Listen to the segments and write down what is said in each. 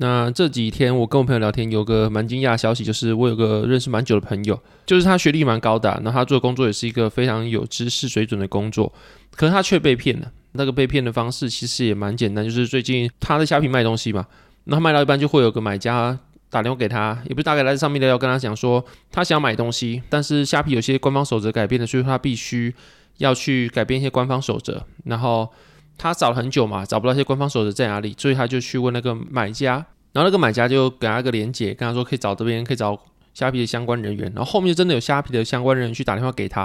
那這幾天我跟我朋友聊天，有個蠻驚訝的消息，就是我有個認識蠻久的朋友，就是他學歷蠻高的、啊，那他做的工作也是一個非常有知識水準的工作，可是他卻被騙了。那個被騙的方式其實也蠻簡單，就是最近他在蝦皮賣東西嘛，那賣到一半就會有個買家打電話給他，也不是大概來自上面的，要跟他講說他想要買東西，但是蝦皮有些官方守則改變了，所以他必須要去改變一些官方守則。然後他找了很久嘛，找不到一些官方守則在哪裡，所以他就去問那個買家。然後那個買家就給他一個連結，跟他說可以找這邊可以找蝦皮的相關人員。然後後面就真的有蝦皮的相關人員去打電話給他，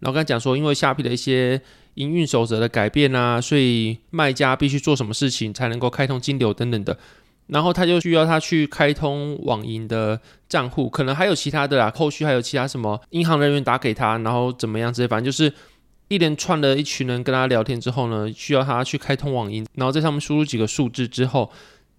然後跟他講說，因為蝦皮的一些營運守則的改變啊，所以賣家必須做什麼事情才能夠開通金流等等的。然後他就需要他去開通網銀的賬戶，可能還有其他的啦，後續還有其他什麼銀行人員打給他，然後怎麼樣之類，反正就是一連串的一群人跟他聊天之後呢，需要他去開通網銀，然後在上面輸入幾個數字之後。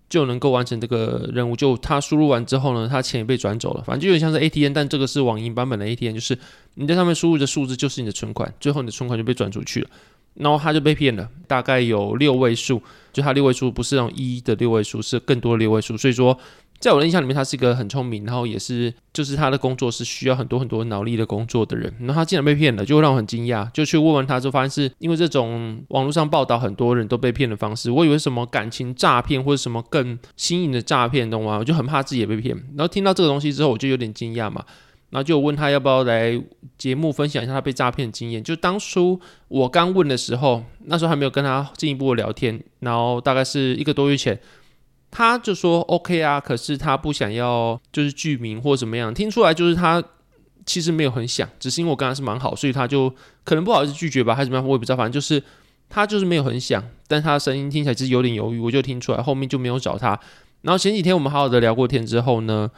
就能夠完成這個任務。就他輸入完之後呢，他錢也被轉走了。反正就有點像是 ATM，但這個是網銀版本的 ATM，就是你在上面輸入的數字就是你的存款，最後你的存款就被轉出去了，然後他就被騙了。大概有六位數，就他六位數不是那種一的六位數，是更多的六位數，所以說。在我的印象裡面，他是一個很聰明，然後也是就是他的工作是需要很多很多腦力的工作的人。然後他竟然被騙了，就會讓我很驚訝。就去問問他之後，發現是因為這種網絡上報道很多人都被騙的方式。我以為什麼感情詐騙或者什麼更新穎的詐騙，懂嗎？我就很怕自己也被騙。然後聽到這個東西之後，我就有點驚訝嘛。然後就問他要不要來節目分享一下他被詐騙的經驗。就當初我剛問的時候，那時候還沒有跟他進一步的聊天。然後大概是一個多月前。他就說 OK 啊，可是他不想要，就是劇名或怎麼樣，聽出來就是他其實沒有很想，只是因為我跟他是蠻好，所以他就可能不好意思拒絕吧，還是怎麼樣，我也不知道。反正就是他就是沒有很想，但他聲音聽起來其實有點猶豫，我就聽出來，後面就沒有找他。然後前幾天我們好好的聊過天之後呢，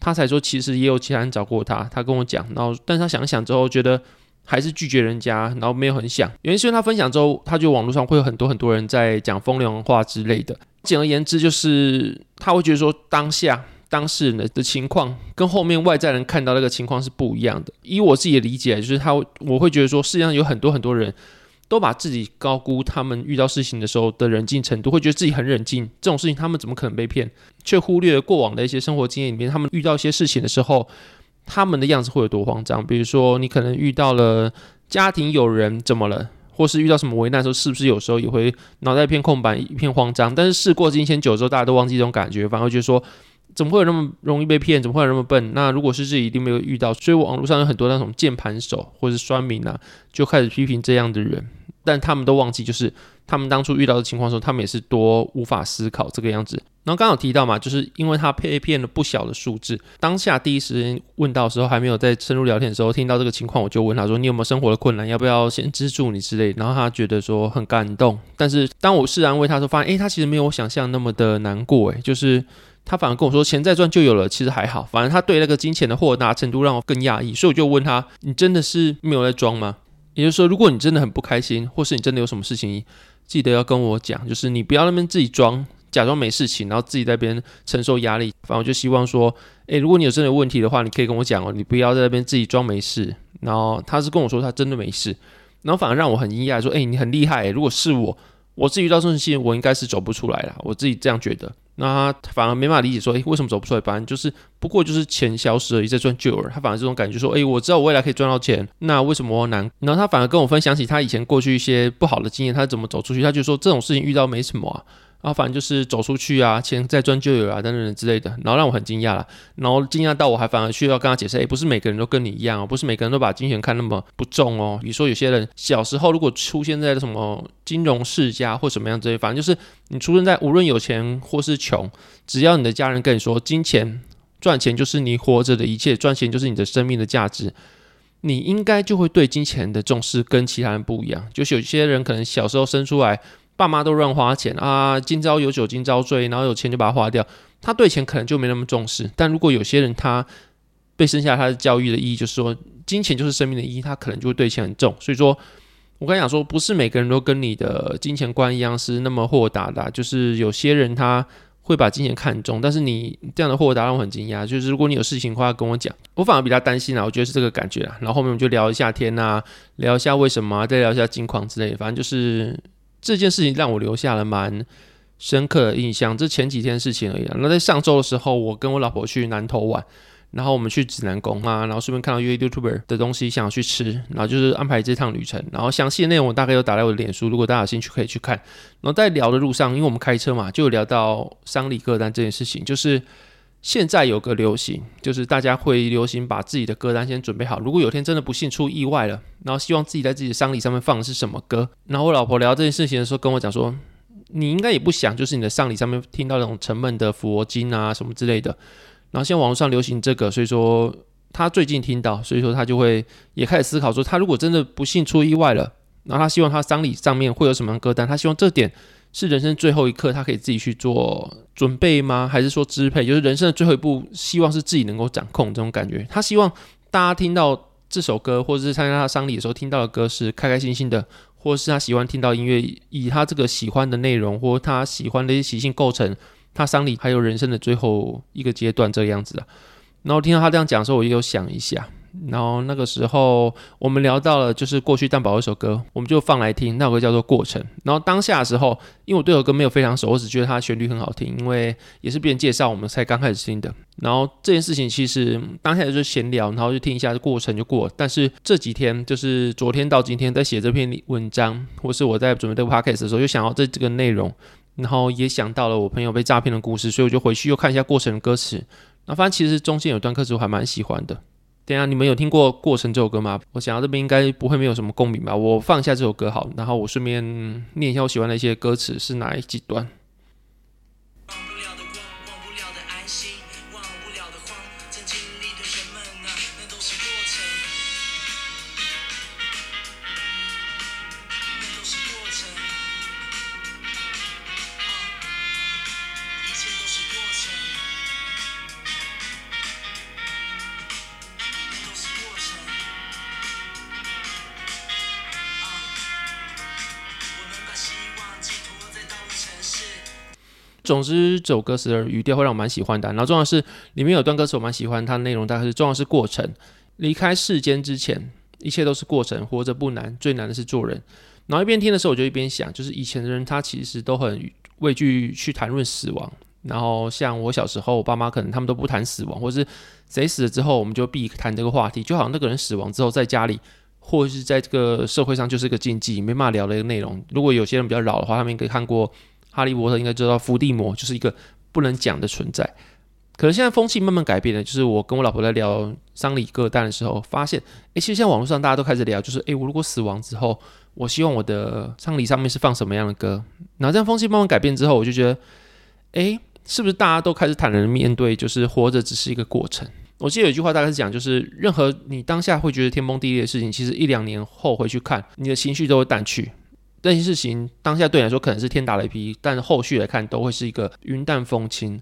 他才說其實也有其他人找過他，他跟我講，然後但他想想之後覺得。還是拒絕人家，然後沒有很想。因為雖然他分享之後，他就網絡上會有很多很多人在講風涼話之類的。簡而言之，就是他會覺得說，當下當事人的的情況跟後面外在人看到那個情況是不一樣的。以我自己的理解，就是他我會覺得說，世界上有很多很多人都把自己高估他們遇到事情的時候的冷靜程度，會覺得自己很冷靜。這種事情他們怎麼可能被騙？卻忽略了過往的一些生活經驗裡面，他們遇到一些事情的時候。他們的樣子會有多慌張？比如說，你可能遇到了家庭有人怎麼了，或是遇到什麼危難的時候，是不是有時候也會腦袋一片空白、一片慌張？但是事過境遷久之後，大家都忘記這種感覺，反而覺得說，怎麼會有那麼容易被騙？怎麼會有那麼笨？那如果是自己一定沒有遇到，所以網絡上有很多那種鍵盤手或者是酸民啊，就開始批評這樣的人，但他們都忘記，就是他們當初遇到的情況時候，他們也是多無法思考這個樣子。然後剛好提到嘛，就是因為他被騙了不小的數字，當下第一時間問到的時候還沒有在深入聊天的時候聽到這個情況，我就問他說：“你有沒有生活的困難？要不要先資助你之類？”然後他覺得說很感動，但是當我試安慰他說，發現誒，他其實沒有我想象那麼的難過誒，就是他反而跟我說錢再賺就有了，其實還好。反而他對那個金錢的豁達程度讓我更訝異，所以我就問他：“你真的是沒有在裝嗎？”也就是說，如果你真的很不開心，或是你真的有什麼事情，記得要跟我講，就是你不要那邊自己裝。假裝沒事情，然後自己在那邊承受壓力，反而就希望說，誒、欸，如果你有真的問題的話，你可以跟我講哦、喔，你不要在那邊自己裝沒事。然後他是跟我說他真的沒事，然後反而讓我很驚訝，說，誒、欸，你很厲害、欸，如果是我，我自己遇到這種事情，我應該是走不出來了，我自己這樣覺得。那他反而沒辦法理解說，誒、欸，為什麼走不出來？反正就是，不過就是錢消失而已，在賺舊人。他反而這種感覺說，誒、欸，我知道我未來可以賺到錢，那為什麼我難？然後他反而跟我分享起他以前過去一些不好的經驗，他怎麼走出去？他就說這種事情遇到沒什麼啊。然後反正就是走出去啊，錢再賺就有啊等等之類的。然後讓我很驚訝了，然後驚訝到我還反而去要跟他解釋，誒，不是每個人都跟你一樣哦，不是每個人都把金錢看那麼不重哦。比如說有些人小時候如果出現在什麼金融世家或什麼樣之類，反正就是你出生在無論有錢或是窮，只要你的家人跟你說金錢賺錢就是你活着的一切，賺錢就是你的生命的價值，你應該就會對金錢的重視跟其他人不一樣。就是有些人可能小時候生出來。爸媽都亂花錢啊，今朝有酒今朝醉，然後有錢就把它花掉，他對錢可能就沒那麼重視。但如果有些人他被生下，他的教育的意義就是說，金錢就是生命的意義，他可能就會對錢很重。所以說我剛才講說，不是每個人都跟你的金錢觀一樣是那麼豁達的、啊，就是有些人他會把金錢看重。但是你這樣的豁達讓我很驚訝，就是如果你有事情的話跟我講，我反而比較擔心啊，我覺得是這個感覺、啊。然後後面我們就聊一下天吶、啊，聊一下為什麼、啊，再聊一下近況之類，反正就是。這件事情讓我留下了蠻深刻的印象，這前幾天的事情而已。那在上週的時候，我跟我老婆去南投玩，然後我們去紫南宮啊，然後順便看到一個 YouTuber 的東西，想要去吃，然後就是安排這趟旅程。然後詳細的內容我大概有打在我的臉書，如果大家有興趣可以去看。然後在聊的路上，因為我們開車嘛，就有聊到喪禮歌單這件事情，就是。現在有個流行，就是大家會流行把自己的歌單先準備好。如果有一天真的不幸出意外了，然後希望自己在自己的喪禮上面放的是什麼歌。然後我老婆聊這件事情的時候跟我講說，你應該也不想，就是你的喪禮上面聽到那種沉悶的佛經啊什麼之類的。然後現在網路上流行這個，所以說他最近聽到，所以說他就會也開始思考說，他如果真的不幸出意外了，然後他希望他喪禮上面會有什麼樣的歌單，他希望這點。是人生最後一刻，他可以自己去做準備嗎？還是說支配？就是人生的最後一步，希望是自己能夠掌控這種感覺。他希望大家聽到這首歌，或者是參加他喪禮的時候聽到的歌是開開心心的，或者是他喜歡聽到音樂，以他這個喜歡的內容或他喜歡的一些習性構成他喪禮，還有人生的最後一個階段這個樣子的。然後聽到他這樣講的時候，我就有想一下。然後那個時候，我們聊到了就是過去蛋堡一首歌，我們就放來聽，那首歌叫做《過程》。然後當下的時候，因為我對這首歌沒有非常熟，我只覺得它的旋律很好聽，因為也是別人介紹我們才剛開始聽的。然後這件事情其實當下就是閒聊，然後就聽一下《過程》就過了。但是這幾天，就是昨天到今天，在寫這篇文章，或是我在準備這個 podcast 的時候，就想到這這個內容，然後也想到了我朋友被詐騙的故事，所以我就回去又看一下《過程》的歌詞。那發現其實中間有段歌詞我還蠻喜歡的。等一下，你們有聽過《過程》這首歌嗎？我想到這邊應該不會沒有什麼共鳴吧。我放一下這首歌好，然後我順便念一下我喜歡的一些歌詞是哪幾段。總之，這首歌詞的語調會讓我蠻喜歡的。然後重要的是裡面有段歌詞我蠻喜歡，它的內容大概是重要是過程。離開世間之前，一切都是過程。活着不難，最難的是做人。然後一邊聽的時候，我就一邊想，就是以前的人他其實都很畏懼去談論死亡。然後像我小時候，我爸媽可能他們都不談死亡，或是誰死了之後，我們就避談這個話題。就好像那個人死亡之後，在家裡或是在這個社會上，就是一個禁忌，沒辦法聊的一個內容。如果有些人比較老的話，他們也可以看過哈利波特應該知道伏地魔就是一個不能講的存在。可是現在風氣慢慢改變了，就是我跟我老婆在聊喪禮歌單的時候，發現，哎、欸，其實現在網絡上大家都開始聊，就是，誒、欸，我如果死亡之後，我希望我的葬禮上面是放什麼樣的歌。然後這樣風氣慢慢改變之後，我就覺得，哎、欸，是不是大家都開始坦然面對，就是活着只是一個過程？我記得有一句話大概是講，就是任何你當下會覺得天崩地裂的事情，其實一兩年後回去看，你的情緒都會淡去。這些事情當下對你來說可能是天打雷劈，但後續來看都會是一個雲淡風輕。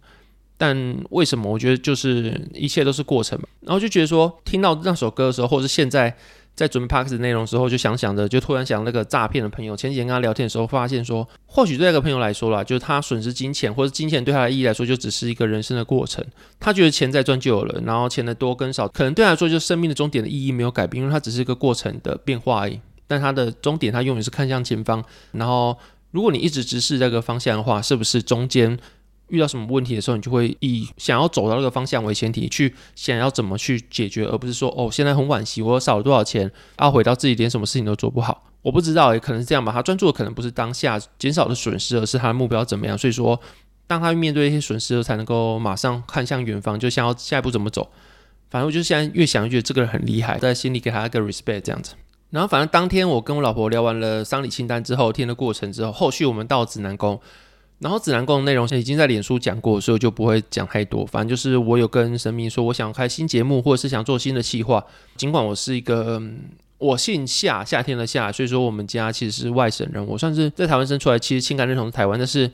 但為什麼？我覺得就是一切都是過程嘛。然後就覺得說，聽到那首歌的時候，或者是現在在準備帕克斯內容的時候，就想想著，就突然想那個詐騙的朋友。前幾天跟他聊天的時候，發現說，或許對那個朋友來說啦，就是他損失金錢，或者金錢對他的意義來說，就只是一個人生的過程。他覺得錢再賺就有了，然後錢的多跟少，可能對他來說就是生命的終點的意義沒有改變，因為它只是一個過程的變化而已。但他的終點，他永遠是看向前方。然後，如果你一直直視這個方向的話，是不是中間遇到什麼問題的時候，你就會以想要走到那個方向為前提，去想要怎麼去解決，而不是說哦，現在很惋惜，我少了多少錢，要、啊、回到自己連什麼事情都做不好。我不知道，也可能是這樣吧。他專注的可能不是當下減少的損失，而是他的目標怎麼樣。所以說，當他面對一些損失，才能夠馬上看向遠方，就想要下一步怎麼走。反正我就現在越想越覺得這個人很厲害，在心裡給他一個 respect 這樣子。然後，反正當天我跟我老婆聊完了喪禮清單之後，聽的過程之後，後續我們到紫南宮。然後紫南宮的內容現在已經在臉書講過，所以我就不會講太多。反正就是我有跟神明說，我想開新節目，或者是想做新的企劃。儘管我是一個、嗯、我姓夏，夏天的夏，所以說我們家其實是外省人，我算是在台灣生出來，其實情感認同是台灣，但是。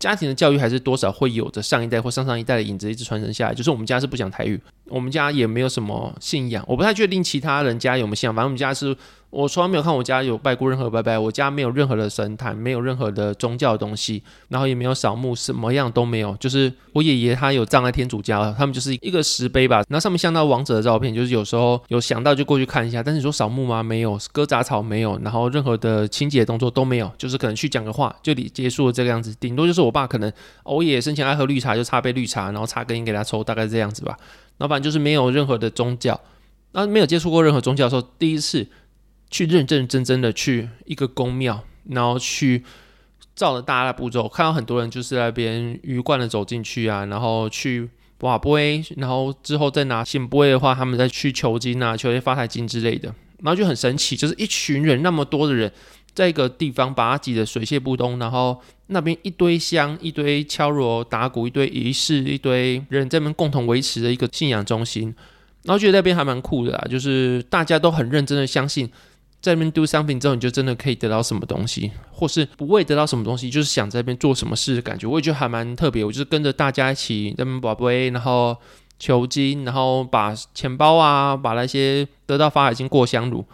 家庭的教育還是多少會有着上一代或上上一代的影子一直傳承下來。就是我們家是不講台語，我們家也沒有什麼信仰，我不太確定其他人家有沒有信仰，反正我們家是。我從來沒有看我家有拜過任何拜拜，我家沒有任何的神壇，沒有任何的宗教的東西，然後也沒有掃墓，什麼樣都沒有。就是我爺爺他有葬在天主教，他們就是一個石碑吧，然後上面像那王者的照片，就是有時候有想到就過去看一下。但是你說掃墓嗎？沒有，割雜草沒有，然後任何的清潔的動作都沒有，就是可能去講個話就結束了這個樣子。頂多就是我爸可能我爺爺生前愛喝綠茶，就插杯綠茶，然後插根菸給他抽，大概這樣子吧。老板就是沒有任何的宗教，那沒有接觸過任何宗教的時候，第一次。去認認真真的去一個宮廟，然後去照着大家的步驟，看到很多人就是那邊魚貫的走進去啊，然後去哇杯。然後之後再拿信杯的話，他們再去求金啊，求些發財金之類的，然後就很神奇，就是一群人那麼多的人在一個地方把它擠得水洩不通，然後那邊一堆香，一堆敲鑼打鼓，一堆儀式，一堆人在那邊共同維持的一個信仰中心，然後覺得那邊還蠻酷的啊，就是大家都很認真的相信。在那邊 do something 之後，你就真的可以得到什麼東西，或是不會得到什麼東西，就是想在那邊做什麼事的感覺，我也覺得還蠻特別。我就是跟着大家一起在那邊擲筊，然後求金，然後把錢包啊，把那些得到發財金過香爐，誒、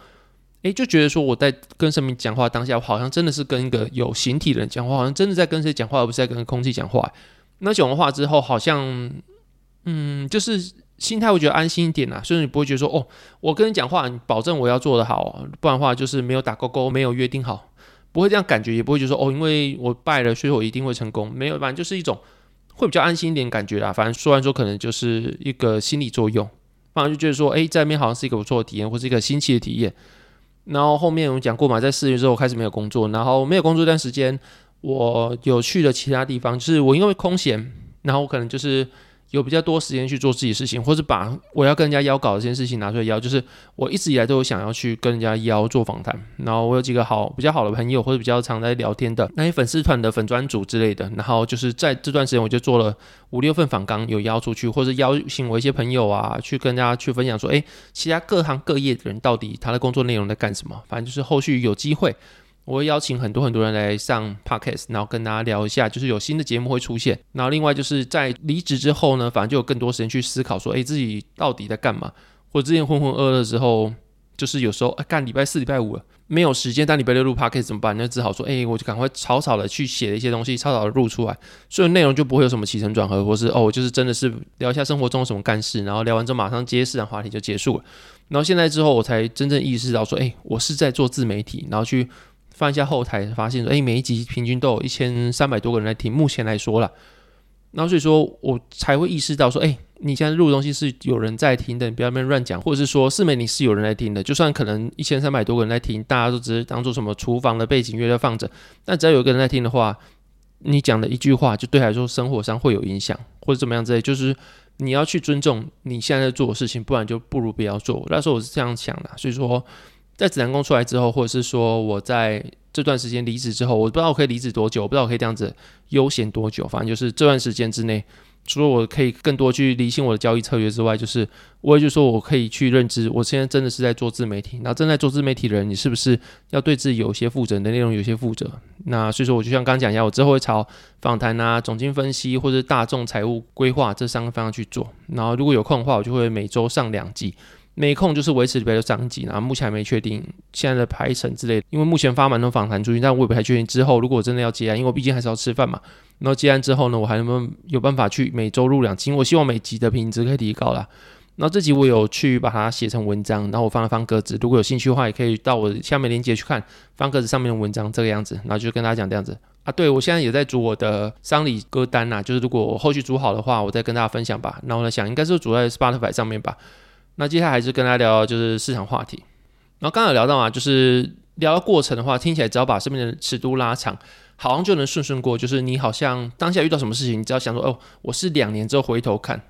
欸，就覺得說我在跟神明講話當下，我好像真的是跟一個有形體的人講話，好像真的在跟誰講話，而不是在跟空氣講話。那講完話之後，好像嗯，就是。心態會覺得安心一點啦，啊，所以你不會覺得說哦，我跟你講話，你保證我要做得好，不然的話就是沒有打勾勾，沒有約定好，不會這樣感覺，也不會覺得說哦，因為我敗了，所以我一定會成功，沒有，反正就是一種會比較安心一點的感覺啦，啊。反正說完之後可能就是一個心理作用，反正就覺得說，哎，欸，在那邊好像是一個不錯的體驗，或是一個新奇的體驗。然後後面我們講過嘛，在四月之後我開始沒有工作，然後沒有工作一段時間，我有去了其他地方，就是我因為空閒，然後我可能就是。有比較多時間去做自己事情，或是把我要跟人家邀稿的這件事情拿出來邀，就是我一直以來都有想要去跟人家邀做訪談。然後我有幾個好比較好的朋友，或者比較常在聊天的那些粉絲團的粉專組之類的。然後就是在這段時間，我就做了五六份訪綱，有邀出去，或者邀請我一些朋友啊去跟人家去分享說，誒、欸，其他各行各業的人到底他的工作內容在幹什麼？反正就是後續有機會。我會邀請很多很多人來上 Podcast，然後跟大家聊一下，就是有新的節目會出現。然後另外就是在離職之後呢，反正就有更多時間去思考，說，誒、欸，自己到底在幹嘛？或者之前渾渾噩噩之後，就是有時候哎，幹、欸、禮拜四、禮拜五了，沒有時間，但禮拜六錄 Podcast 怎麼辦？那就只好說，誒、欸，我就趕快草草的去寫一些東西，草草的錄出來，所以內容就不會有什麼起承轉合，或是哦，就是真的是聊一下生活中有什麼幹事，然後聊完之後馬上接市場話題就結束了。然後現在之後，我才真正意識到說，誒、欸，我是在做自媒體，然後去。放翻一下後台，發現誒、欸、每一集平均都有一千三百多個人在聽。目前來說啦，然後所以說，我才會意識到說，誒、欸、你現在錄的東西是有人在聽的，你不要在那邊亂講，或者是說，四美你是有人在聽的，就算可能一千三百多個人在聽，大家都只是當做什麼廚房的背景音樂在放着。那只要有一個人在聽的話，你講的一句話就對來說生活上會有影響，或者怎麼樣之類，就是你要去尊重你現在在做的事情，不然就不如不要做。那時候我是這樣想的，所以說。在紫南宮出來之後，或者是說，我在這段時間離職之後，我不知道我可以離職多久，我不知道我可以這樣子悠閒多久。反正就是這段時間之內，除了我可以更多去理性我的交易策略之外，就是我也就是說我可以去認知，我現在真的是在做自媒體。那正在做自媒體的人，你是不是要對自己有些負責，你的內容有些負責？那所以說，我就像剛剛講一樣，我之後會朝訪談啊、總經分析或者大眾財務規劃這三個方向去做。然後如果有空的話，我就會每週上兩集。沒空就是維持裡邊的上集，然後目前還沒確定現在的排程之類的，因為目前發蠻多訪談出去，但我也不太確定之後如果我真的要接案，因為畢竟還是要吃飯嘛。然後接案之後呢，我還能不能有辦法去每周錄兩集。我希望每集的品質可以提高啦。然後這集我有去把它寫成文章，然後我放了方格子，如果有興趣的話，也可以到我下面鏈接去看方格子上面的文章這個樣子。然後就跟大家講這樣子啊，對，對我現在也在組我的喪禮歌單吶、啊，就是如果我後續組好的話，我再跟大家分享吧。然後我想應該是組在 Spotify 上面吧。那接下來還是跟大家聊，聊，就是市場話題。然後剛才聊到嘛，就是聊到過程的話，聽起來只要把生命的尺度拉長，好像就能順順過。就是你好像當下遇到什麼事情，你只要想說，哦，我是兩年之後回頭看，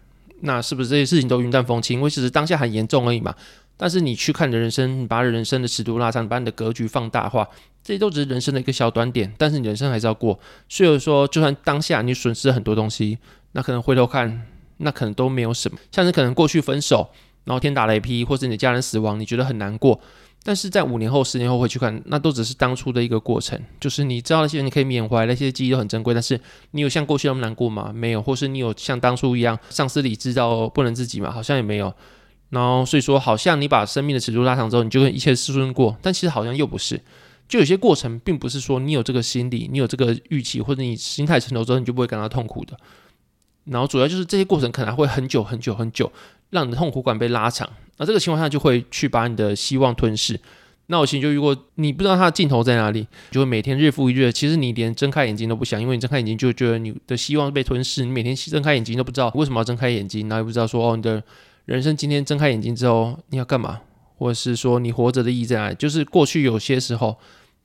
那是不是這些事情都雲淡風輕？因為其實當下很嚴重而已嘛。但是你去看你的人生，你把人生的尺度拉長，把你的格局放大化，這些都只是人生的一個小短點。但是你人生還是要過。所以說，就算當下你損失很多東西，那可能回頭看，那可能都沒有什麼。像是可能過去分手。然後天打雷劈，或是你的家人死亡，你覺得很難過。但是在五年後、十年後回去看，那都只是當初的一個過程。就是你知道那些人，你可以緬懷那些記憶都很珍貴，但是你有像過去那麼難過嗎？沒有，或是你有像當初一樣喪失理智到不能自己嗎？好像也沒有。然後所以說，好像你把生命的尺度拉長之後，你就跟一切失尊過。但其實好像又不是。就有些過程，並不是說你有這個心理，你有這個預期，或者你心態成熟之後，你就不會感到痛苦的。然後主要就是這些過程，可能會很久很久很久。讓你的痛苦感被拉長，那這個情況下就會去把你的希望吞噬。那我形就如果你不知道它的盡頭在哪裡，就會每天日復一日。其實你連睜開眼睛都不想，因為你睜開眼睛就覺得你的希望被吞噬。你每天睜開眼睛都不知道為什麼要睜開眼睛，然後也不知道說哦，你的人生今天睜開眼睛之後你要幹嘛，或者是說你活着的意義在哪裡？就是過去有些時候，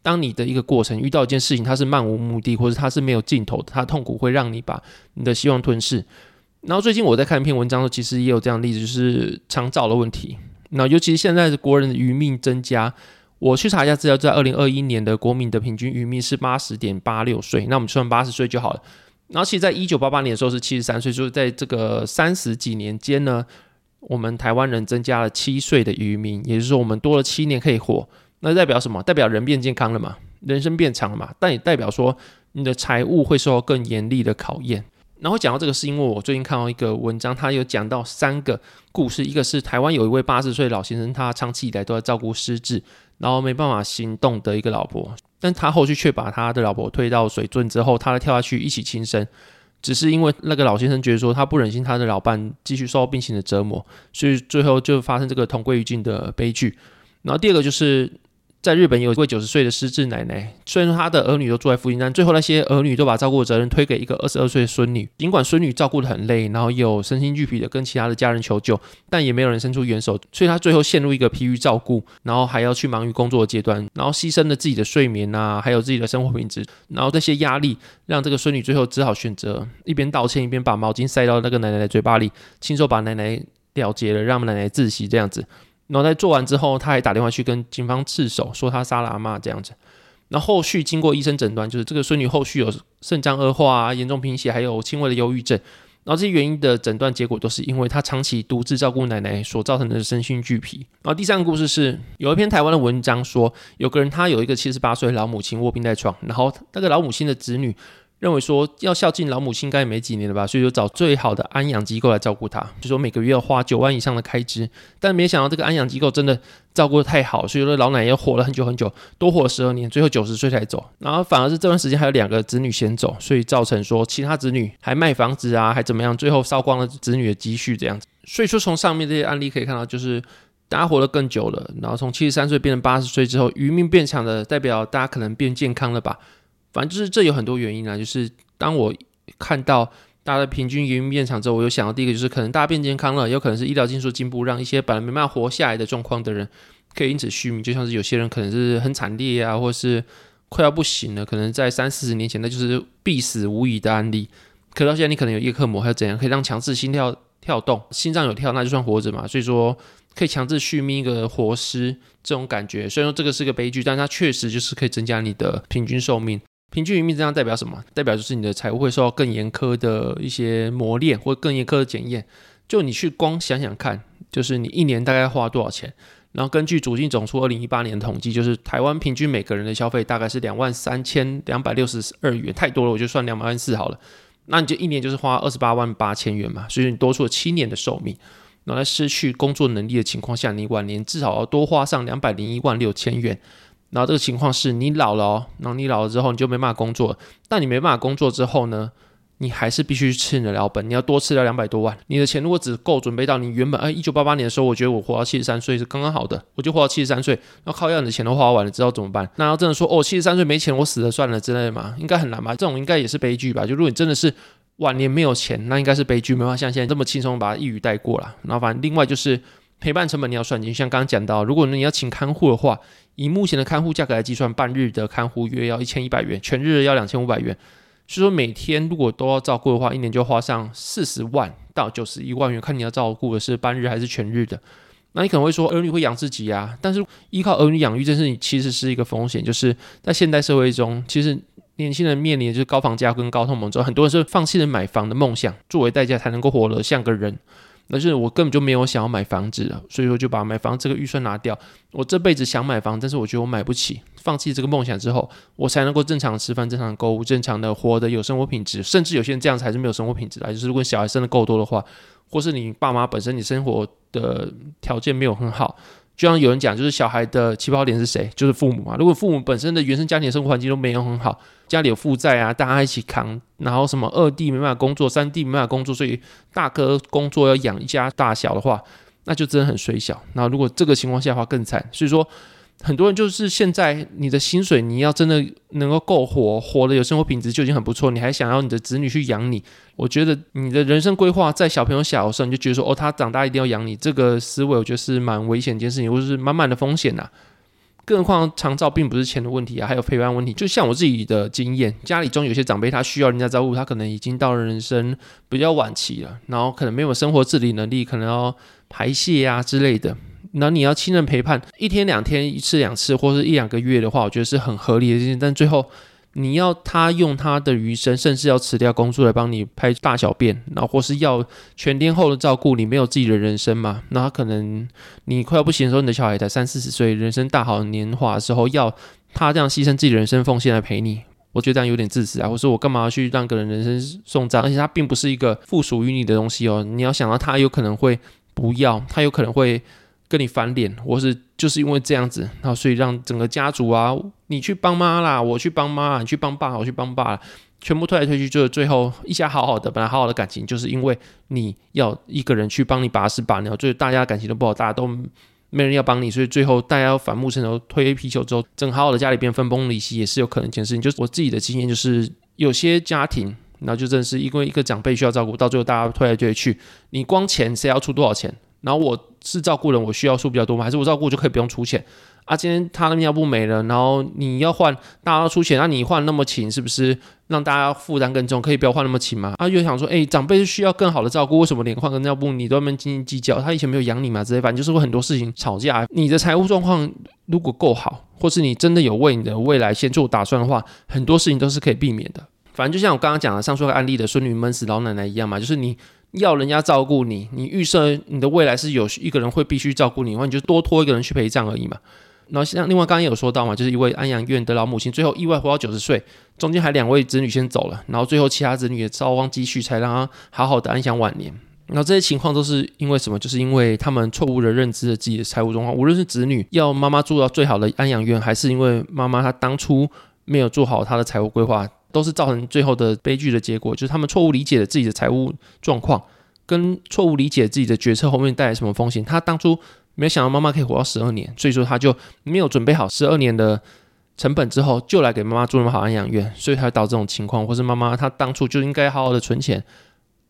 當你的一個過程遇到一件事情，它是漫無目的，或者是它是沒有盡頭，它痛苦會讓你把你的希望吞噬。然後最近我在看一篇文章，的其實也有這樣的例子，就是長照的問題。那尤其是現在是國人的餘命增加。我去查一下資料，在二零二一年的國民的平均餘命是八十點八六歲。那我們算八十歲就好了。然後其實在一九八八年的時候是七十三歲，就是在這個三十幾年間呢，我們台灣人增加了七歲的餘命，也就是說我們多了七年可以活。那代表什麼？代表人變健康了嘛，人生變長了嘛。但也代表說你的財務會受到更嚴厲的考驗。然後講到這個，是因為我最近看到一個文章，他有講到三個故事。一個是台灣有一位八十歲的老先生，他長期以來都在照顧失智，然後沒辦法行動的一個老婆，但他後續卻把他的老婆推到水圳之後，他跳下去一起輕生，只是因為那個老先生覺得說他不忍心他的老伴繼續受到病情的折磨，所以最後就發生這個同歸於盡的悲劇。然後第二個就是。在日本有一位九十歲的失智奶奶，雖然說她的兒女都住在附近，但最後那些兒女都把照顧的責任推給一個二十二歲的孫女。盡管孫女照顧得很累，然後又身心俱疲的跟其他的家人求救，但也沒有人伸出援手，所以她最後陷入一個疲於照顧，然後還要去忙於工作的階段，然後犧牲了自己的睡眠啊，還有自己的生活品質，然後這些壓力讓這個孫女最後只好選擇一邊道歉，一邊把毛巾塞到那個奶奶的嘴巴裡，親手把奶奶了結了，讓奶奶窒息。這樣子。然後在做完之後，他還打電話去跟警方自首，說他殺了阿、啊、嬤這樣子。那後，後續經過醫生診斷，就是這個孫女後續有腎臟惡化、啊、嚴重貧血，還有輕微的憂鬱症。然後這些原因的診斷結果，都是因為她長期獨自照顧奶奶所造成的身心俱疲。然後第三個故事是，有一篇台灣的文章說，有個人他有一個七十八歲的老母親臥病在床，然後那個老母親的子女。認為說要孝敬老母親，應該也沒幾年了吧，所以就找最好的安養機構來照顧她，就是說每個月要花九萬以上的開支，但沒想到這個安養機構真的照顧得太好，所以說老奶奶活了很久很久，多活了十二年，最後九十歲才走，然後反而是這段時間還有兩個子女先走，所以造成說其他子女還賣房子啊，還怎麼樣，最後燒光了子女的積蓄這樣子，所以說從上面這些案例可以看到，就是大家活得更久了，然後從七十三歲變成八十歲之後，餘命變長了，代表大家可能變健康了吧。反正就是這有很多原因啊，就是當我看到大家的平均壽命變長之後，我有想到第一個就是可能大家變健康了，有可能是醫療技術進步，讓一些本來沒辦法活下來的狀況的人可以因此續命。就像是有些人可能是很慘烈啊，或是快要不行了，可能在三四十年前那就是必死無疑的案例，可到現在你可能有葉克膜還有怎樣，可以讓強制心跳跳動，心臟有跳那就算活着嘛。所以說可以強制續命一個活屍這種感覺，雖然說這個是個悲劇，但它確實就是可以增加你的平均壽命。平均餘命這樣代表什麼？代表就是你的財務會受到更嚴苛的一些磨練，或更嚴苛的檢驗。就你去光想想看，就是你一年大概花多少錢？然後根據主計總處二零一八年的統計，就是台灣平均每個人的消費大概是兩萬三千兩百六十二元，太多了，我就算兩萬四好了。那你就一年就是花二十八萬八千元嘛。所以你多出了七年的壽命，然後在失去工作能力的情況下，你晚年至少要多花上兩百零一萬六千元。然後這個情況是你老了哦，然後你老了之後你就沒辦法工作了，但你沒辦法工作之後呢，你還是必須去吃你的老本，你要多吃掉兩百多萬。你的錢如果只夠準備到你原本，哎，一九八八年的時候，我覺得我活到七十三歲是剛剛好的，我就活到七十三歲，那靠，你的錢都花完了，知道怎麼辦？那要真的說，哦，七十三歲沒錢，我死了算了之類的嘛，應該很難吧？這種應該也是悲劇吧？就如果你真的是晚年沒有錢，那應該是悲劇，沒法像現在這麼輕鬆把它一語帶過啦。然後反正另外就是。陪伴成本你要算，就像剛剛講到，如果你要請看護的話，以目前的看護價格來計算，半日的看護約要一千一百元，全日要兩千五百元。所以說每天如果都要照顧的話，一年就花上四十萬到九十一萬元，看你要照顧的是半日還是全日的。那你可能會說，兒女會養自己啊，但是依靠兒女養育，這是其實是一個風險，就是在現代社會中，其實年輕人面臨的就是高房價跟高通膨，之後，很多人是放棄了買房的夢想，作為代價才能夠活得像個人。但是我根本就沒有想要買房子，所以說就把買房這個預算拿掉。我這輩子想買房，但是我覺得我買不起，放棄這個夢想之後，我才能夠正常吃飯、正常購物、正常的活得有生活品質。甚至有些人這樣子還是沒有生活品質的，就是如果小孩生的夠多的話，或是你爸媽本身你生活的條件沒有很好。就像有人講，就是小孩的起跑點是誰？就是父母嘛。如果父母本身的原生家庭生活環境都沒有很好，家裡有負債啊，大家一起扛，然後什麼二弟沒辦法工作，三弟沒辦法工作，所以大哥工作要養一家大小的話，那就真的很衰小。那如果這個情況下的話更慘，所以說。很多人就是現在，你的薪水你要真的能夠夠活，活得有生活品質就已經很不錯。你還想要你的子女去養你？我覺得你的人生規劃在小朋友小的時候，你就覺得說哦，他長大一定要養你，這個思維我覺得是蠻危險的一件事情，或是滿滿的風險啊。更何況，長照並不是錢的問題啊，還有陪伴問題。就像我自己的經驗，家裡中有些長輩他需要人家照顧，他可能已經到了人生比較晚期了，然後可能沒有生活自理能力，可能要排泄啊之類的。那你要親人陪伴一天兩天一次兩次或是一兩個月的話，我覺得是很合理的事情。但最後你要他用他的餘生，甚至要辭掉工作來幫你拍大小便，然後或是要全天候的照顧你，沒有自己的人生嘛？那他可能你快要不行的時候，你的小孩才三四十歲，人生大好年華的時候，要他這樣犧牲自己的人生奉獻來陪你，我覺得這樣有點自私啊！我說我幹嘛要去讓個人人生送葬？而且他並不是一個附屬於你的東西哦，你要想到他有可能會不要，他有可能會。跟你翻臉，我是就是因為這樣子，然後所以讓整個家族啊，你去幫媽啦，我去幫媽，你去幫爸，我去幫爸啦，全部推來推去，就是最後一家好好的，本來好好的感情，就是因為你要一個人去幫你把屎把尿，就是大家的感情都不好，大家都沒人要幫你，所以最後大家要反目成仇，推皮球之後，整好好的家裡邊分崩離析，也是有可能一件事情。就是我自己的經驗，就是有些家庭，然後就真的是因為一個長輩需要照顧，到最後大家推來推去，你光錢誰要出多少錢？然後我是照顧人，我需要數比較多嘛，還是我照顧就可以不用出錢？啊，今天他的尿布沒了，然後你要換，大家都出錢，那、啊、你換那麼勤，是不是讓大家負擔更重？可以不要換那麼勤嘛？啊，又想說，誒、欸，長輩是需要更好的照顧，為什麼連換個尿布你都要斤、斤斤計較？他以前沒有養你嘛？之類，反正就是會很多事情吵架。你的財務狀況如果夠好，或是你真的有為你的未來先做打算的話，很多事情都是可以避免的。反正就像我剛剛講的上述案例的孫女悶死老奶奶一樣嘛，就是你。要人家照顧你，你預設你的未來是有一個人會必須照顧你的話，然後你就多拖一個人去陪葬而已嘛。然後像另外剛剛也有說到嘛，就是一位安養院的老母親，最後意外活到九十歲，中間還兩位子女先走了，然後最後其他子女也照光積蓄，才讓她好好的安享晚年。然後這些情況都是因為什麼？就是因為他們錯誤的認知了自己的財務狀況。無論是子女要媽媽住到最好的安養院，還是因為媽媽她當初沒有做好她的財務規劃。都是造成最後的悲劇的結果，就是他們錯誤理解了自己的財務狀況，跟錯誤理解自己的決策後面帶來什麼風險。他當初沒有想到媽媽可以活到十二年，所以說他就沒有準備好十二年的成本，之後就來給媽媽住那麼好安養院，所以才導致這種情況。或是媽媽她當初就應該好好的存錢。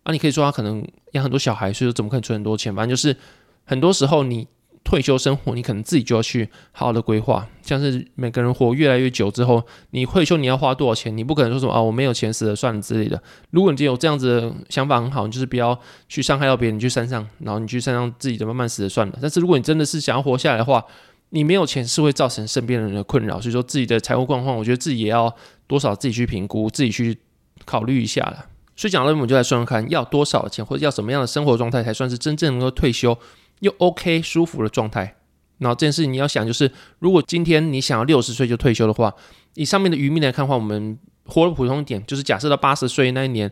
啊，你可以說他可能養很多小孩，所以說怎麼可能存很多錢？反正就是很多時候你。退休生活，你可能自己就要去好好的規劃。像是每個人活越來越久之後，你退休你要花多少錢？你不可能說什麼啊，我沒有錢死了算了之類的。如果你有這樣子的想法很好，你就是不要去傷害到別人，你去山上，然後你去山上自己慢慢死了算了。但是如果你真的是想要活下來的話，你沒有錢是會造成身邊人的困擾。所以說自己的財務狀況，我覺得自己也要多少自己去評估，自己去考慮一下了。所以講了，我們就來說說看，看，要多少錢或者要什麼樣的生活狀態才算是真正能夠退休。又 OK 舒服的狀態，然後這件事你要想就是，如果今天你想要六十歲就退休的話，以上面的餘命來看的話，我們活得普通點，就是假設到八十歲那一年，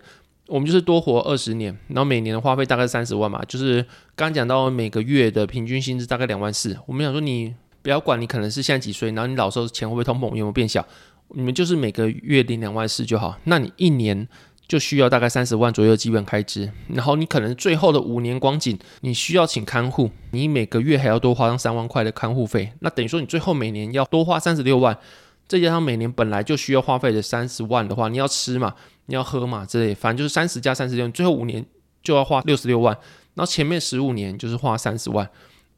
我們就是多活二十年，然後每年的花費大概三十萬嘛，就是剛講到每個月的平均薪資大概兩萬四，我們想說你不要管你可能是現在幾歲，然後你老時候錢會不會通膨有沒有變小，你們就是每個月領兩萬四就好，那你一年。就需要大概三十萬左右的基本開支，然後你可能最後的五年光景，你需要請看護，你每個月還要多花上三萬塊的看護費，那等於說你最後每年要多花三十六萬，再加上每年本來就需要花費的三十萬的話，你要吃嘛，你要喝嘛之類，反正就是三十加三十六，最後五年就要花六十六萬，然後前面十五年就是花三十萬。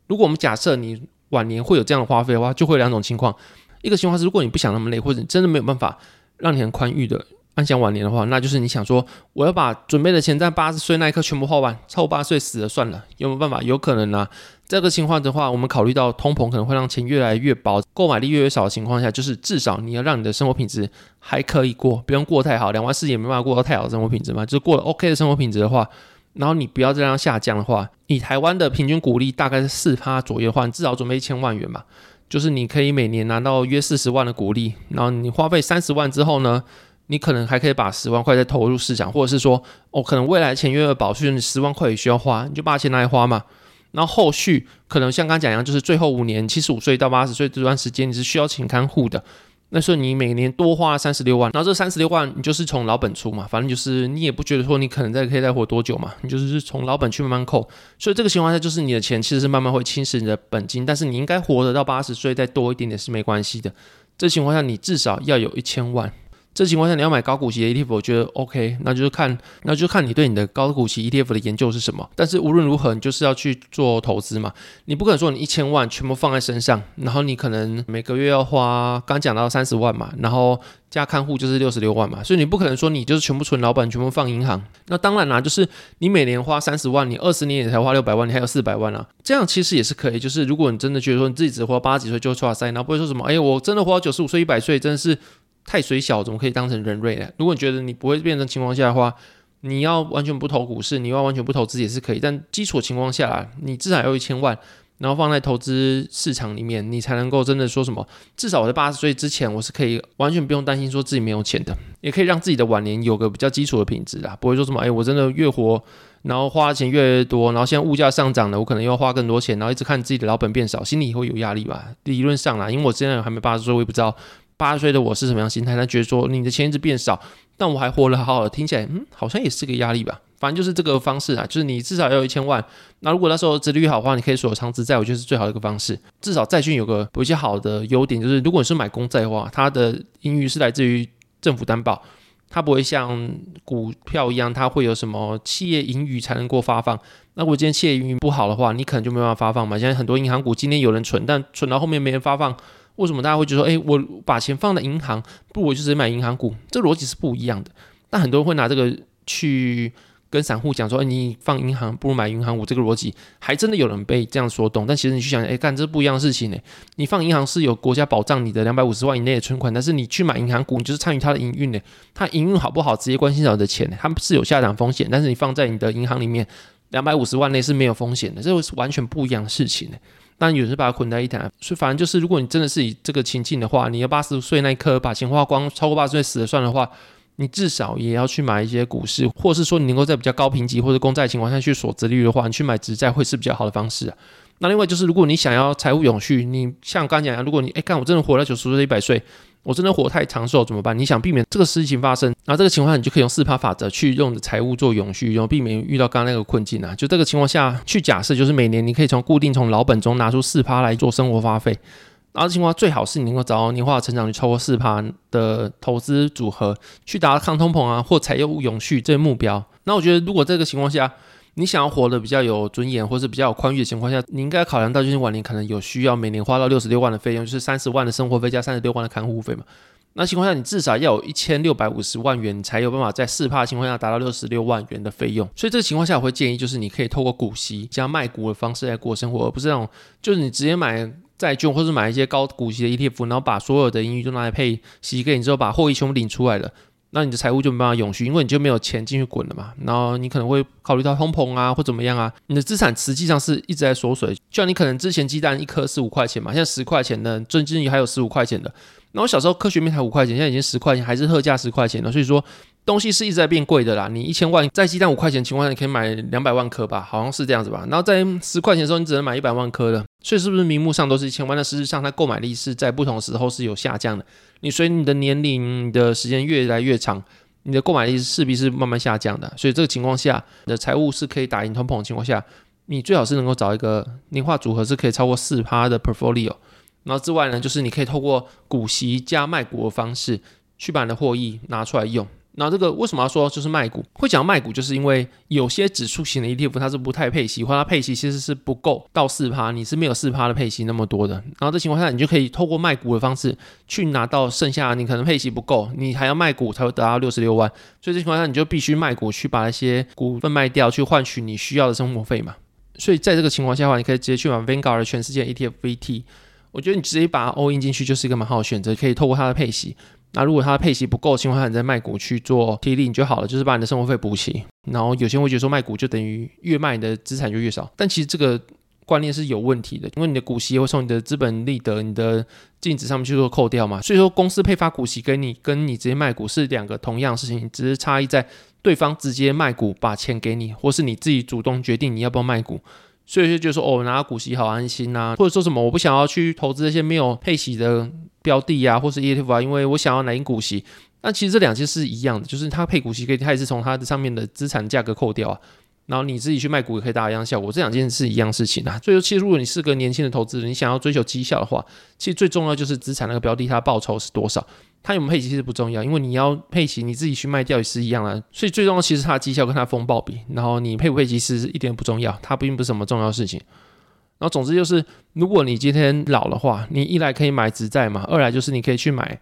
如果我們假設你晚年會有這樣的花費的話，就會有兩種情況，一個情況是如果你不想那麼累，或者你真的沒有辦法讓你很寬裕的。安享晚年的話，那就是你想說，我要把準備的錢在八十歲那一刻全部花完，超過八十歲死了算了，有沒有辦法？有可能啊。這個情況的話，我們考慮到通膨可能會讓錢越來越薄，購買力越來越少的情況下，就是至少你要讓你的生活品質還可以過，不用過太好，兩萬四也沒辦法過到太好的生活品質嘛，就是、過了 OK 的生活品質的話，然後你不要這樣下降的話，以台灣的平均股利大概是四趴左右的話，至少準備一千萬元嘛，就是你可以每年拿到約四十萬的股利，然後你花費三十萬之後呢？你可能還可以把十萬塊再投入市場，或者是說，哦，可能未來簽約的保你十萬塊也需要花，你就把錢拿來花嘛。然後後續可能像剛講一樣，就是最後五年七十五歲到八十歲這段時間，你是需要請看護的，那所以你每年多花三十六萬，然後這三十六萬你就是從老本出嘛，反正就是你也不覺得說你可能再可以再活多久嘛，你就是從老本去慢慢扣。所以這個情況下，就是你的錢其實是慢慢會侵蝕你的本金，但是你應該活得到八十歲再多一點點是沒關係的。這情況下，你至少要有一千萬。這情況下，你要買高股息的 ETF，我覺得 OK，那就看那就看你對你的高股息 ETF 的研究是什麼。但是無論如何，你就是要去做投資嘛。你不可能說你一千萬全部放在身上，然後你可能每個月要花剛講到三十萬嘛，然後加看護就是六十六萬嘛，所以你不可能說你就是全部存老板，全部放銀行。那當然啦、啊，就是你每年花三十萬，你二十年也才花六百萬，你還有四百萬啊。這樣其實也是可以。就是如果你真的覺得說你自己只活到八十幾歲就出哇塞，然後不會說什麼哎，我真的活到九十五歲一百歲真的是。太水小怎麼可以當成人瑞呢？如果你覺得你不會變成情況下的話，你要完全不投股市，你要完全不投資也是可以。但基礎情況下啦，你至少要一千萬，然後放在投資市場裡面，你才能夠真的說什麼。至少我在八十歲之前，我是可以完全不用擔心說自己沒有錢的，也可以讓自己的晚年有個比較基礎的品質啊，不會說什麼誒、哎，我真的越活，然後花錢越來越多，然後現在物價上漲了，我可能又要花更多錢，然後一直看自己的老本變少，心裡會有壓力吧？理論上啦，因為我現在還沒八十歲，我也不知道。八十歲的我是什麼樣心態？他覺得說你的錢一直變少，但我還活得好好的，聽起來嗯，好像也是個壓力吧。反正就是這個方式啊，就是你至少要有一千萬。那如果那時候殖利率好的話，你可以所有長資債，我覺得是最好的一個方式。至少債券有個有一些好的優點，就是如果你是買公債的話，它的盈餘是來自於政府擔保，它不會像股票一樣，它會有什麼企業盈餘才能夠發放。那如果今天企業盈餘不好的話，你可能就沒辦法發放嘛。現在很多銀行股今天有人存，但存到後面沒人發放。為什麼大家會覺得說，哎、欸，我把錢放在銀行，不如我就直接買銀行股，這邏輯是不一樣的。但很多人會拿這個去跟散戶講說，欸、你放銀行不如買銀行股，這個邏輯還真的有人被這樣說動。但其實你去想，哎、欸，幹，這是不一樣的事情呢。你放銀行是有國家保障你的兩百五十萬以內的存款，但是你去買銀行股，你就是參與它的營運呢。它營運好不好，直接關係到你的錢。它們是有下檔風險，但是你放在你的銀行裡面，兩百五十萬以內是沒有風險的，這是完全不一樣的事情呢。但有時把它捆在一談。所以反正就是，如果你真的是以這個情境的話，你要八十歲那一刻把錢花光，超過八十歲死了算的話，你至少也要去買一些股市，或是說你能夠在比較高評級或者公債情況下去鎖利率的話，你去買直債會是比較好的方式啊。那另外就是，如果你想要財務永續，你像我剛剛講，如果你誒，看我真的活到九十歲、一百歲。我真的活太長壽怎麼辦？你想避免這個事情發生，那這個情況下你就可以用四趴法則去用財務做永續，然後避免遇到剛剛那個困境啊。就這個情況下去假設，就是每年你可以從固定從老本中拿出四趴來做生活花費，然後這個情況下最好是你能夠找到年化成長率超過四趴的投資組合，去達到抗通膨啊或財務永續這些目標。那我覺得如果這個情況下，你想要活得比較有尊嚴，或是比較有寬裕的情況下，你應該考量到就是晚年可能有需要，每年花到六十六萬的費用，就是三十萬的生活費加三十六萬的看護費嘛。那情況下，你至少要有一千六百五十萬元，才有辦法在四趴的情況下達到六十六萬元的費用。所以這個情況下，我會建議就是你可以透過股息加賣股的方式來過生活，而不是那種就是你直接買債券或是買一些高股息的 ETF，然後把所有的盈餘都拿來配息給你之後，把獲益全部領出來了。那你的財務就沒辦法永續，因為你就沒有錢進去滾了嘛。然後你可能會考慮到通膨啊，或怎麼樣啊，你的資產實際上是一直在縮水。就像你可能之前雞蛋一顆十五塊錢嘛，現在十塊錢的，最近還有十五塊錢的。那我小時候科學面才五塊錢，現在已經十塊錢，還是特價十塊錢了。所以說東西是一直在變貴的啦。你一千萬在雞蛋五塊錢情況下，你可以買兩百萬顆吧，好像是這樣子吧。然後在十塊錢的時候，你只能買一百萬顆了。所以是不是名目上都是一千萬？那事實上它購買力是在不同的時候是有下降的。你隨你的年齡，你的時間越來越長，你的購買力勢必是慢慢下降的。所以這個情況下，你的財務是可以打贏通膨的情況下，你最好是能夠找一個年化組合是可以超過四趴的 portfolio。然後之外呢，就是你可以透過股息加賣股的方式去把你的獲益拿出來用。那這個為什麼要說就是賣股？會講到賣股，就是因為有些指數型的 ETF 它是不太配息，或者它配息其實是不夠到四趴，你是沒有四趴的配息那麼多的。然後這情況下，你就可以透過賣股的方式去拿到剩下，你可能配息不夠，你還要賣股才會得到六十六萬。所以這情況下，你就必須賣股去把那些股份賣掉，去換取你需要的生活費嘛。所以在這個情況下的話，你可以直接去買 Vanguard 全世界 ETF VT。我覺得你直接把 all in 進去就是一個蠻好的選擇，可以透過它的配息。那、啊、如果它的配息不夠，情況下你再賣股去做 t 利你就好了，就是把你的生活費補齊。然後有些人會覺得說賣股就等於越賣你的資產就越少，但其實這個觀念是有問題的，因為你的股息會從你的資本利得、你的淨值上面去做扣掉嘛。所以說公司配發股息給你，跟你直接賣股是兩個同樣事情，只是差異在對方直接賣股把錢給你，或是你自己主動決定你要不要賣股。所以就說哦，拿到股息好安心吶、啊，或者說什麼我不想要去投資這些沒有配息的標的啊，或是 ETF 啊，因為我想要來領股息。那其實這兩件事是一樣的，就是它配股息，可以它也是從它的上面的資產價格扣掉啊。然後你自己去賣股也可以達到一樣效果，這兩件事是一樣事情啊。所以其實如果你是個年輕的投資人，你想要追求績效的話，其實最重要就是資產那個標的它報酬是多少，它有沒有配息其實不重要，因為你要配息你自己去賣掉也是一樣啊。所以最重要其實它的績效跟它風暴比，然後你配不配息是一點不重要，它並不是什麼重要的事情。然後總之就是，如果你今天老的話，你一來可以買直債嘛，二來就是你可以去買。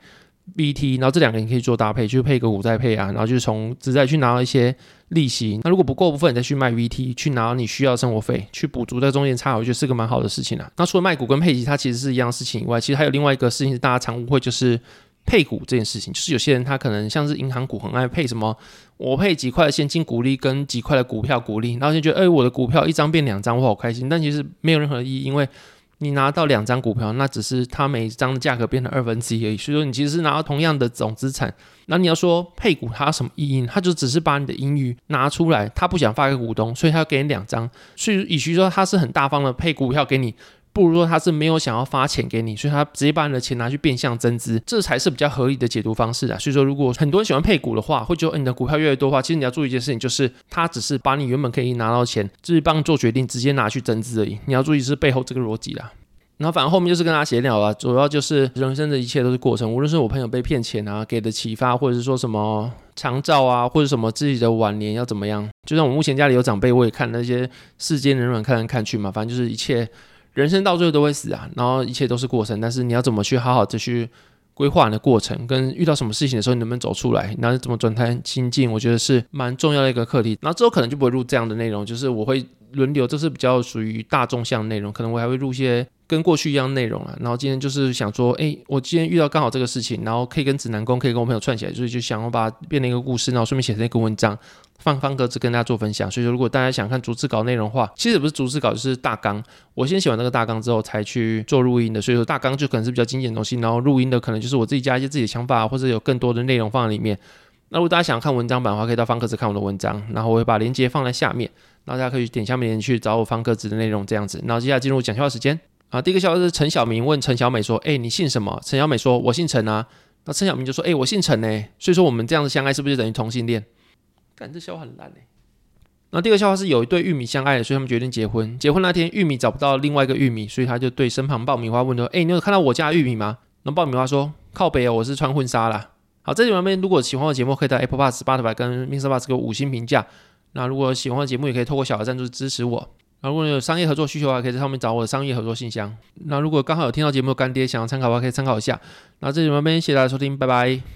VT，然後這兩個你可以做搭配，就是配個股再配啊，然後就是從資債去拿到一些利息。那如果不夠部分，你再去賣 VT，去拿你需要的生活費，去補足在中間差，我覺得是個蠻好的事情啊。那除了賣股跟配息，它其實是一樣的事情以外，其實還有另外一個事情是大家常誤會，就是配股這件事情，就是有些人他可能像是銀行股很愛配什麼，我配幾塊的現金股利跟幾塊的股票股利，然後就覺得哎、欸，我的股票一張變兩張，我好開心。但其實沒有任何意義，因為。你拿到兩張股票，那只是它每一張的價格變成二分之一而已。所以說，你其實是拿到同樣的總資產。那你要說配股它有什麼意義？它就只是把你的盈餘拿出來，他不想發給股東，所以他要給你兩張。所以，與其說他是很大方的配股票給你。不如說他是沒有想要發錢給你，所以他直接把你的錢拿去變相增資，這才是比較合理的解讀方式啊。所以說，如果很多人喜歡配股的話，會覺得你的股票越來越多的話，其實你要注意一件事情，就是他只是把你原本可以拿到錢自己幫你做決定，直接拿去增資而已。你要注意是背後這個邏輯啦。然後反正後面就是跟他閒聊了，主要就是人生的一切都是過程，無論是我朋友被騙錢啊，給的啟發，或者是說什麼長照啊，或者什麼自己的晚年要怎麼樣，就像我目前家裡有長輩，我也看那些世間人，人看來看去嘛，反正就是一切。人生到最後都會死啊，然後一切都是過程，但是你要怎麼去好好的去規劃你的過程，跟遇到什麼事情的時候你能不能走出來，然後怎麼轉態心境，我覺得是蠻重要的一個課題。然後之後可能就不會錄這樣的內容，就是我會輪流，這是比較屬於大眾向內容，可能我還會錄一些。跟過去一樣內容啊，然後今天就是想說，哎、欸，我今天遇到剛好這個事情，然後可以跟指南宮，可以跟我朋友串起來，所以就想要把它變成一個故事，然後順便寫成一個文章，放方格子跟大家做分享。所以說，如果大家想看逐字稿內容的話，其實不是逐字稿，就是大綱。我先寫完那個大綱之後才去做錄音的，所以說大綱就可能是比較經典的東西，然後錄音的可能就是我自己加一些自己的想法或者有更多的內容放在裡面。那如果大家想要看文章版的話，可以到方格子看我的文章，然後我會把鏈接放在下面，然後大家可以點下面去找我方格子的內容這樣子。然後接下來進入講笑話時間。啊，第一個笑話是陳小明問陳小美說：“哎、欸，你姓什麼？”陳小美說：“我姓陳啊。”那陳小明就說：“哎、欸，我姓陳呢。”所以說我們這樣子相愛是不是等於同性戀？幹，這笑話很爛哎。那、啊、第二個笑話是有一對玉米相愛的，所以他們決定結婚。結婚那天，玉米找不到另外一個玉米，所以他就對身旁爆米花問說：“哎、欸，你有看到我家的玉米嗎？”那爆米花說：“靠北哦，我是穿婚紗啦。”好，這裡面如果有喜歡我節目，可以在 Apple Podcast Spotify 跟 Mixerbox 給五星評價。那如果有喜歡我節目，也可以透過小額贊助支持我。然、啊、後如果你有商業合作需求的話，可以在上面找我的商業合作信箱。那如果剛好有聽到節目的乾爹想要參考的話，可以參考一下。那、啊、這裡旁邊謝謝大家收聽，拜拜。